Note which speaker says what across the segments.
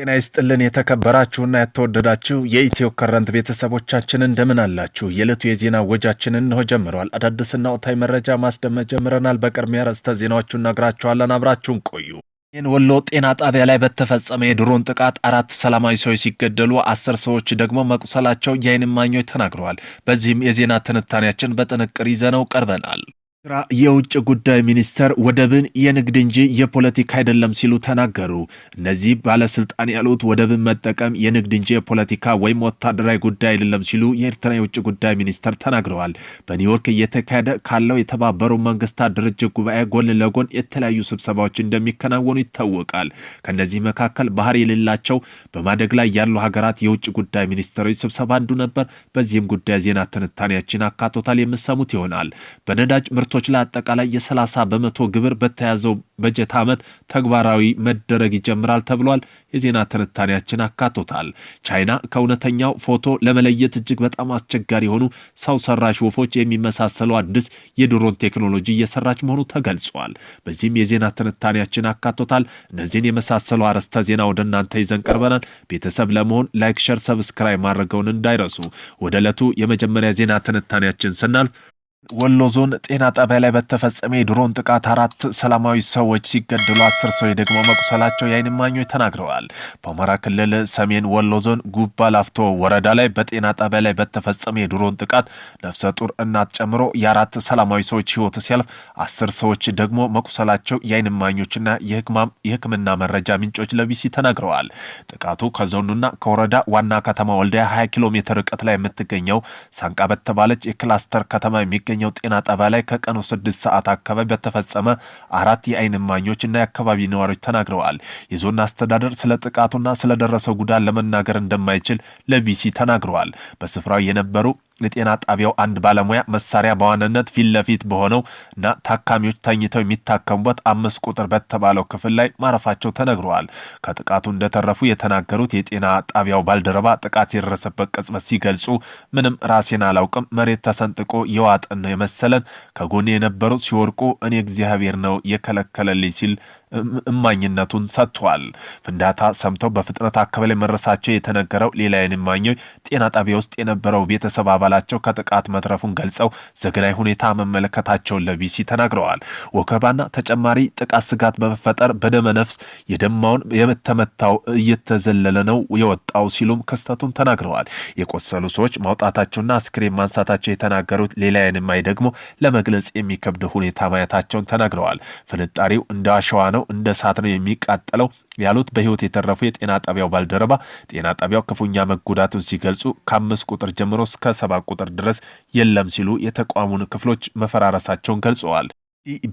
Speaker 1: ጤና ይስጥልን የተከበራችሁና የተወደዳችሁ የኢትዮ ከረንት ቤተሰቦቻችን እንደምን አላችሁ? የዕለቱ የዜና ወጃችንን እንሆ ጀምረዋል። አዳዲስና ወቅታዊ መረጃ ማስደመጥ ጀምረናል። በቅድሚያ ርዕሰ ዜናዎቹን እነግራችኋለን። አብራችሁን ቆዩ። ይህን ወሎ ጤና ጣቢያ ላይ በተፈጸመ የድሮን ጥቃት አራት ሰላማዊ ሰዎች ሲገደሉ አስር ሰዎች ደግሞ መቁሰላቸው የዓይን እማኞች ተናግረዋል። በዚህም የዜና ትንታኔያችን በጥንቅር ይዘነው ቀርበናል። ኤርትራ የውጭ ጉዳይ ሚኒስተር ወደብን የንግድ እንጂ የፖለቲካ አይደለም ሲሉ ተናገሩ። እነዚህ ባለስልጣን ያሉት ወደብን መጠቀም የንግድ እንጂ የፖለቲካ ወይም ወታደራዊ ጉዳይ አይደለም ሲሉ የኤርትራ የውጭ ጉዳይ ሚኒስተር ተናግረዋል። በኒውዮርክ እየተካሄደ ካለው የተባበሩ መንግስታት ድርጅት ጉባኤ ጎን ለጎን የተለያዩ ስብሰባዎች እንደሚከናወኑ ይታወቃል። ከእነዚህ መካከል ባህር የሌላቸው በማደግ ላይ ያሉ ሀገራት የውጭ ጉዳይ ሚኒስትሮች ስብሰባ አንዱ ነበር። በዚህም ጉዳይ ዜና ትንታኔያችን አካቶታል፣ የምሰሙት ይሆናል። በነዳጅ ምርቶ ምርቶች ለአጠቃላይ የ30 በመቶ ግብር በተያዘው በጀት ዓመት ተግባራዊ መደረግ ይጀምራል ተብሏል። የዜና ትንታኔያችን አካቶታል። ቻይና ከእውነተኛው ፎቶ ለመለየት እጅግ በጣም አስቸጋሪ የሆኑ ሰው ሰራሽ ወፎች የሚመሳሰሉ አዲስ የድሮን ቴክኖሎጂ እየሰራች መሆኑ ተገልጿል። በዚህም የዜና ትንታኔያችን አካቶታል። እነዚህን የመሳሰሉ አርዕስተ ዜና ወደ እናንተ ይዘን ቀርበናል። ቤተሰብ ለመሆን ላይክ፣ ሸር፣ ሰብስክራይብ ማድረገውን እንዳይረሱ። ወደ ዕለቱ የመጀመሪያ ዜና ትንታኔያችን ስናልፍ ወሎ ዞን ጤና ጣቢያ ላይ በተፈጸመ የድሮን ጥቃት አራት ሰላማዊ ሰዎች ሲገደሉ አስር ሰው ደግሞ መቁሰላቸው የዓይን እማኞች ተናግረዋል። በአማራ ክልል ሰሜን ወሎ ዞን ጉባ ላፍቶ ወረዳ ላይ በጤና ጣቢያ ላይ በተፈጸመ የድሮን ጥቃት ነፍሰ ጡር እናት ጨምሮ የአራት ሰላማዊ ሰዎች ሕይወት ሲያልፍ አስር ሰዎች ደግሞ መቁሰላቸው የዓይን እማኞችና የህክምና መረጃ ምንጮች ለቢሲ ተናግረዋል። ጥቃቱ ከዞኑና ከወረዳ ዋና ከተማ ወልዲያ 20 ኪሎ ሜትር ርቀት ላይ የምትገኘው ሳንቃ በተባለች የክላስተር ከተማ የሚገኝ በሚገኘው ጤና ጣቢያ ላይ ከቀኑ ስድስት ሰዓት አካባቢ በተፈጸመ አራት የአይን እማኞች እና የአካባቢ ነዋሪዎች ተናግረዋል። የዞን አስተዳደር ስለ ጥቃቱና ስለደረሰው ጉዳት ለመናገር እንደማይችል ለቢሲ ተናግረዋል። በስፍራው የነበሩ የጤና ጣቢያው አንድ ባለሙያ መሳሪያ በዋናነት ፊት ለፊት በሆነው እና ታካሚዎች ተኝተው የሚታከሙበት አምስት ቁጥር በተባለው ክፍል ላይ ማረፋቸው ተነግረዋል። ከጥቃቱ እንደተረፉ የተናገሩት የጤና ጣቢያው ባልደረባ ጥቃት የደረሰበት ቅጽበት ሲገልጹ ምንም ራሴን አላውቅም፣ መሬት ተሰንጥቆ የዋጥን ነው የመሰለን፣ ከጎን የነበሩት ሲወርቁ እኔ እግዚአብሔር ነው የከለከለልኝ ሲል እማኝነቱን ሰጥቷል። ፍንዳታ ሰምተው በፍጥነት አካባቢ ላይ መድረሳቸው የተነገረው ሌላ የእማኞች ጤና ጣቢያ ውስጥ የነበረው ቤተሰብ አባል አባላቸው ከጥቃት መትረፉን ገልጸው ዘግናይ ሁኔታ መመለከታቸውን ለቢሲ ተናግረዋል። ወከባና ተጨማሪ ጥቃት ስጋት በመፈጠር በደመ ነፍስ የደማውን የተመታው እየተዘለለ ነው የወጣው ሲሉም ክስተቱን ተናግረዋል። የቆሰሉ ሰዎች ማውጣታቸውና አስክሬን ማንሳታቸው የተናገሩት ሌላ የንማይ ደግሞ ለመግለጽ የሚከብድ ሁኔታ ማየታቸውን ተናግረዋል። ፍንጣሪው እንደ አሸዋ ነው፣ እንደ እሳት ነው የሚቃጠለው ያሉት በህይወት የተረፉ የጤና ጣቢያው ባልደረባ ጤና ጣቢያው ክፉኛ መጎዳቱን ሲገልጹ ከአምስት ቁጥር ጀምሮ እስከ ሰባ ቁጥር ድረስ የለም ሲሉ የተቋሙን ክፍሎች መፈራረሳቸውን ገልጸዋል።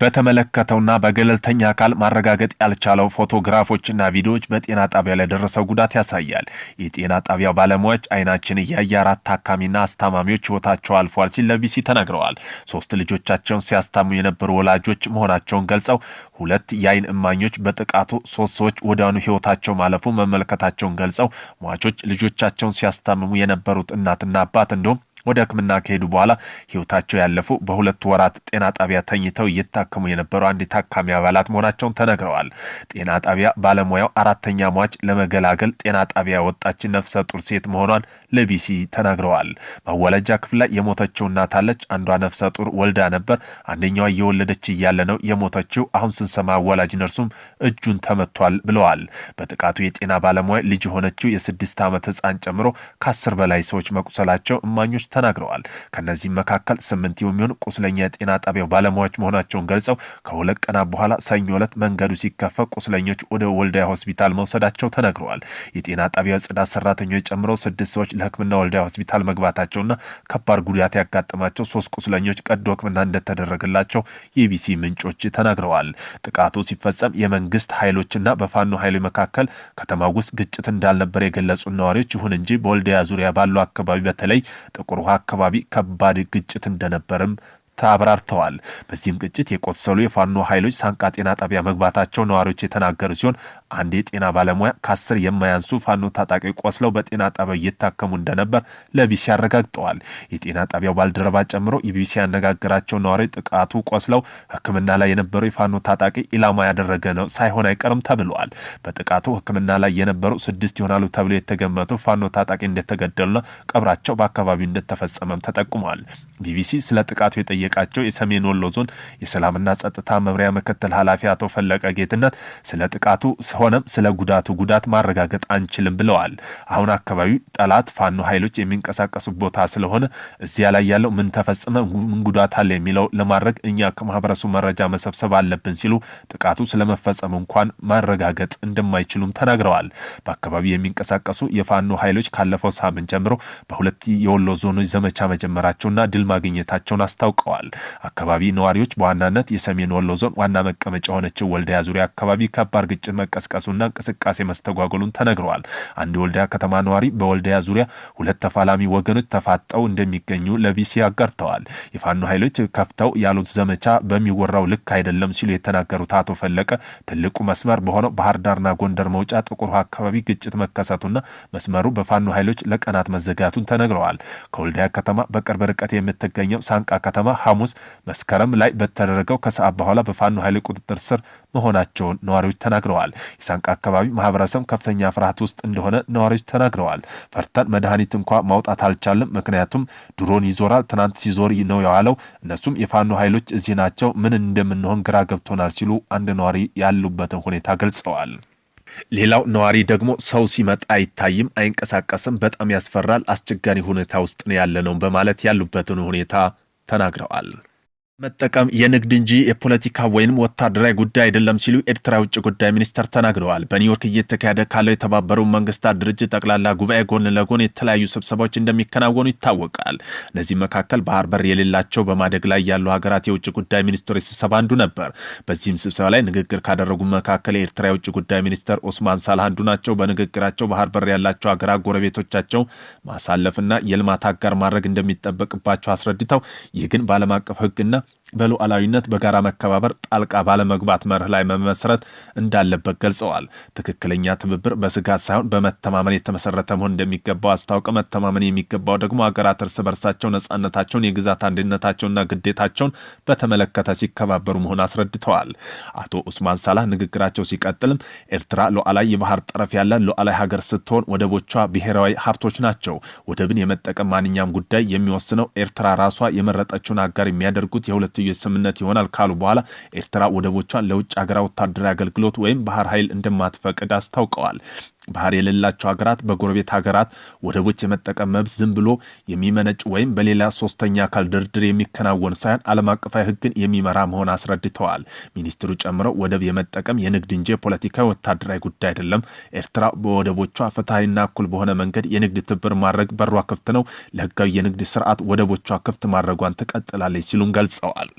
Speaker 1: በተመለከተውና በገለልተኛ አካል ማረጋገጥ ያልቻለው ፎቶግራፎችና ቪዲዮዎች በጤና ጣቢያ ላይ ደረሰው ጉዳት ያሳያል። የጤና ጣቢያው ባለሙያዎች አይናችን እያየ አራት ታካሚና አስታማሚዎች ሕይወታቸው አልፏል ሲል ለቢሲ ተናግረዋል። ሶስት ልጆቻቸውን ሲያስታሙ የነበሩ ወላጆች መሆናቸውን ገልጸው ሁለት የአይን እማኞች በጥቃቱ ሶስት ሰዎች ወዲያውኑ ሕይወታቸው ማለፉ መመልከታቸውን ገልጸው ሟቾች ልጆቻቸውን ሲያስታምሙ የነበሩት እናትና አባት እንዲሁም ወደ ሕክምና ከሄዱ በኋላ ህይወታቸው ያለፉ በሁለት ወራት ጤና ጣቢያ ተኝተው እየታከሙ የነበሩ አንድ የታካሚ አባላት መሆናቸውን ተነግረዋል። ጤና ጣቢያ ባለሙያው አራተኛ ሟች ለመገላገል ጤና ጣቢያ ወጣች ነፍሰ ጡር ሴት መሆኗን ለቢሲ ተናግረዋል። ማዋለጃ ክፍል ላይ የሞተችው እናት አለች። አንዷ ነፍሰ ጡር ወልዳ ነበር። አንደኛዋ እየወለደች እያለ ነው የሞተችው። አሁን ስንሰማ ወላጅ ነርሱም እጁን ተመቷል ብለዋል። በጥቃቱ የጤና ባለሙያ ልጅ የሆነችው የስድስት ዓመት ህፃን ጨምሮ ከአስር በላይ ሰዎች መቁሰላቸው እማኞች ተናግረዋል። ከእነዚህም መካከል ስምንት የሚሆኑ ቁስለኛ የጤና ጣቢያው ባለሙያዎች መሆናቸውን ገልጸው ከሁለት ቀናት በኋላ ሰኞ ዕለት መንገዱ ሲከፈት ቁስለኞች ወደ ወልዳያ ሆስፒታል መውሰዳቸው ተነግረዋል። የጤና ጣቢያው ጽዳት ሰራተኞች ጨምሮ ስድስት ሰዎች ለሕክምና ወልዳያ ሆስፒታል መግባታቸውና ከባድ ጉዳት ያጋጠማቸው ሶስት ቁስለኞች ቀዶ ሕክምና እንደተደረገላቸው የኢቢሲ ምንጮች ተናግረዋል። ጥቃቱ ሲፈጸም የመንግስት ኃይሎችና በፋኖ ኃይሎች መካከል ከተማ ውስጥ ግጭት እንዳልነበር የገለጹ ነዋሪዎች፣ ይሁን እንጂ በወልዳያ ዙሪያ ባለው አካባቢ በተለይ ጥቁር ውሃ አካባቢ ከባድ ግጭት እንደነበርም ተብራርተዋል በዚህም ግጭት የቆሰሉ የፋኖ ኃይሎች ሳንቃ ጤና ጣቢያ መግባታቸው ነዋሪዎች የተናገሩ ሲሆን አንድ የጤና ባለሙያ ከአስር የማያንሱ ፋኖ ታጣቂ ቆስለው በጤና ጣቢያው እየታከሙ እንደነበር ለቢሲ አረጋግጠዋል። የጤና ጣቢያው ባልደረባ ጨምሮ ኢቢሲ ያነጋገራቸው ነዋሪ ጥቃቱ ቆስለው ሕክምና ላይ የነበረው የፋኖ ታጣቂ ኢላማ ያደረገ ነው ሳይሆን አይቀርም ተብለዋል። በጥቃቱ ሕክምና ላይ የነበሩ ስድስት ይሆናሉ ተብሎ የተገመቱ ፋኖ ታጣቂ እንደተገደሉና ቀብራቸው በአካባቢው እንደተፈጸመም ተጠቁመዋል። ቢቢሲ ስለ ጥቃቱ የጠየቃቸው የሰሜን ወሎ ዞን የሰላምና ጸጥታ መምሪያ ምክትል ኃላፊ አቶ ፈለቀ ጌትነት ስለ ጥቃቱ ሆነም ስለ ጉዳቱ ጉዳት ማረጋገጥ አንችልም ብለዋል። አሁን አካባቢው ጠላት ፋኖ ኃይሎች የሚንቀሳቀሱ ቦታ ስለሆነ እዚያ ላይ ያለው ምን ተፈጸመ፣ ምን ጉዳት አለ የሚለው ለማድረግ እኛ ከማህበረሰቡ መረጃ መሰብሰብ አለብን ሲሉ ጥቃቱ ስለመፈጸሙ እንኳን ማረጋገጥ እንደማይችሉም ተናግረዋል። በአካባቢው የሚንቀሳቀሱ የፋኖ ኃይሎች ካለፈው ሳምንት ጀምሮ በሁለት የወሎ ዞኖች ዘመቻ መጀመራቸውና ድል ማግኘታቸውን አስታውቀዋል። አካባቢ ነዋሪዎች በዋናነት የሰሜን ወሎ ዞን ዋና መቀመጫ የሆነችው ወልዲያ ዙሪያ አካባቢ ከባድ ግጭት መቀስቀስ መቀዝቀዙና እንቅስቃሴ መስተጓጎሉን ተነግረዋል። አንድ የወልዲያ ከተማ ነዋሪ በወልዲያ ዙሪያ ሁለት ተፋላሚ ወገኖች ተፋጠው እንደሚገኙ ለቢሲ አጋርተዋል። የፋኖ ኃይሎች ከፍተው ያሉት ዘመቻ በሚወራው ልክ አይደለም ሲሉ የተናገሩት አቶ ፈለቀ ትልቁ መስመር በሆነው ባህር ዳርና ጎንደር መውጫ ጥቁር ውሃ አካባቢ ግጭት መከሰቱና መስመሩ በፋኖ ኃይሎች ለቀናት መዘጋቱን ተነግረዋል። ከወልዲያ ከተማ በቅርብ ርቀት የምትገኘው ሳንቃ ከተማ ሐሙስ መስከረም ላይ በተደረገው ከሰዓት በኋላ በፋኖ ኃይሎች ቁጥጥር ስር መሆናቸውን ነዋሪዎች ተናግረዋል። የሳንቃ አካባቢ ማህበረሰብ ከፍተኛ ፍርሃት ውስጥ እንደሆነ ነዋሪዎች ተናግረዋል። ፈርተን መድኃኒት እንኳ ማውጣት አልቻለም። ምክንያቱም ድሮን ይዞራል። ትናንት ሲዞር ነው የዋለው። እነሱም የፋኖ ኃይሎች እዚህ ናቸው። ምን እንደምንሆን ግራ ገብቶናል ሲሉ አንድ ነዋሪ ያሉበትን ሁኔታ ገልጸዋል። ሌላው ነዋሪ ደግሞ ሰው ሲመጣ አይታይም፣ አይንቀሳቀስም፣ በጣም ያስፈራል፣ አስቸጋሪ ሁኔታ ውስጥ ነው ያለነው በማለት ያሉበትን ሁኔታ ተናግረዋል። መጠቀም የንግድ እንጂ የፖለቲካ ወይም ወታደራዊ ጉዳይ አይደለም ሲሉ ኤርትራ የውጭ ጉዳይ ሚኒስተር ተናግረዋል። በኒውዮርክ እየተካሄደ ካለው የተባበሩ መንግስታት ድርጅት ጠቅላላ ጉባኤ ጎን ለጎን የተለያዩ ስብሰባዎች እንደሚከናወኑ ይታወቃል። እነዚህ መካከል ባህር በር የሌላቸው በማደግ ላይ ያሉ ሀገራት የውጭ ጉዳይ ሚኒስትሮች ስብሰባ አንዱ ነበር። በዚህም ስብሰባ ላይ ንግግር ካደረጉ መካከል የኤርትራ የውጭ ጉዳይ ሚኒስተር ኦስማን ሳልህ አንዱ ናቸው። በንግግራቸው ባህር በር ያላቸው ሀገራት ጎረቤቶቻቸው ማሳለፍና የልማት አጋር ማድረግ እንደሚጠበቅባቸው አስረድተው ይህ ግን በዓለም አቀፍ ህግና Gracias. በሉዓላዊነት በጋራ መከባበር ጣልቃ ባለመግባት መርህ ላይ መመስረት እንዳለበት ገልጸዋል። ትክክለኛ ትብብር በስጋት ሳይሆን በመተማመን የተመሰረተ መሆን እንደሚገባው አስታውቀ መተማመን የሚገባው ደግሞ አገራት እርስ በርሳቸው ነጻነታቸውን፣ የግዛት አንድነታቸውና ግዴታቸውን በተመለከተ ሲከባበሩ መሆን አስረድተዋል። አቶ ኡስማን ሳላህ ንግግራቸው ሲቀጥልም ኤርትራ ሉዓላዊ የባህር ጠረፍ ያለ ሉዓላዊ ሀገር ስትሆን ወደቦቿ ብሔራዊ ሀብቶች ናቸው። ወደብን የመጠቀም ማንኛውም ጉዳይ የሚወስነው ኤርትራ ራሷ የመረጠችውን አጋር የሚያደርጉት የሁለት የሁለትዮሽ ስምምነት ይሆናል ካሉ በኋላ ኤርትራ ወደቦቿን ለውጭ ሀገራ ወታደራዊ አገልግሎት ወይም ባህር ኃይል እንደማትፈቅድ አስታውቀዋል። ባህር የሌላቸው ሀገራት በጎረቤት ሀገራት ወደቦች የመጠቀም መብት ዝም ብሎ የሚመነጭ ወይም በሌላ ሶስተኛ አካል ድርድር የሚከናወን ሳይሆን ዓለም አቀፋዊ ሕግን የሚመራ መሆን አስረድተዋል። ሚኒስትሩ ጨምረው ወደብ የመጠቀም የንግድ እንጂ የፖለቲካዊ ወታደራዊ ጉዳይ አይደለም። ኤርትራ በወደቦቿ ፍትሐዊና እኩል በሆነ መንገድ የንግድ ትብር ማድረግ በሯ ክፍት ነው። ለህጋዊ የንግድ ስርዓት ወደቦቿ ክፍት ማድረጓን ትቀጥላለች ሲሉም ገልጸዋል።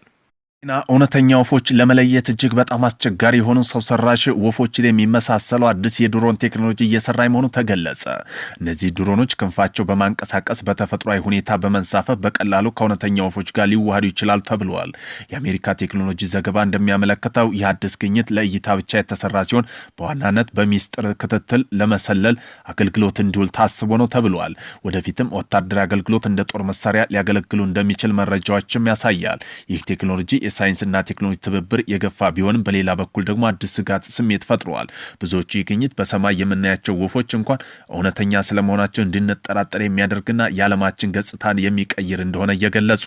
Speaker 1: ና እውነተኛ ወፎች ለመለየት እጅግ በጣም አስቸጋሪ የሆኑ ሰው ሰራሽ ወፎች የሚመሳሰሉ አዲስ የድሮን ቴክኖሎጂ እየሰራ መሆኑ ተገለጸ። እነዚህ ድሮኖች ክንፋቸው በማንቀሳቀስ በተፈጥሯዊ ሁኔታ በመንሳፈፍ በቀላሉ ከእውነተኛ ወፎች ጋር ሊዋሃዱ ይችላሉ ተብለዋል። የአሜሪካ ቴክኖሎጂ ዘገባ እንደሚያመለክተው ይህ አዲስ ግኝት ለእይታ ብቻ የተሰራ ሲሆን በዋናነት በሚስጥር ክትትል ለመሰለል አገልግሎት እንዲውል ታስቦ ነው ተብለዋል። ወደፊትም ወታደራዊ አገልግሎት እንደ ጦር መሳሪያ ሊያገለግሉ እንደሚችል መረጃዎችም ያሳያል። ይህ ቴክኖሎጂ የሳይንስና ቴክኖሎጂ ትብብር የገፋ ቢሆንም በሌላ በኩል ደግሞ አዲስ ስጋት ስሜት ፈጥረዋል። ብዙዎቹ ይግኝት በሰማይ የምናያቸው ወፎች እንኳን እውነተኛ ስለመሆናቸው እንድንጠራጠር የሚያደርግና የዓለማችን ገጽታን የሚቀይር እንደሆነ እየገለጹ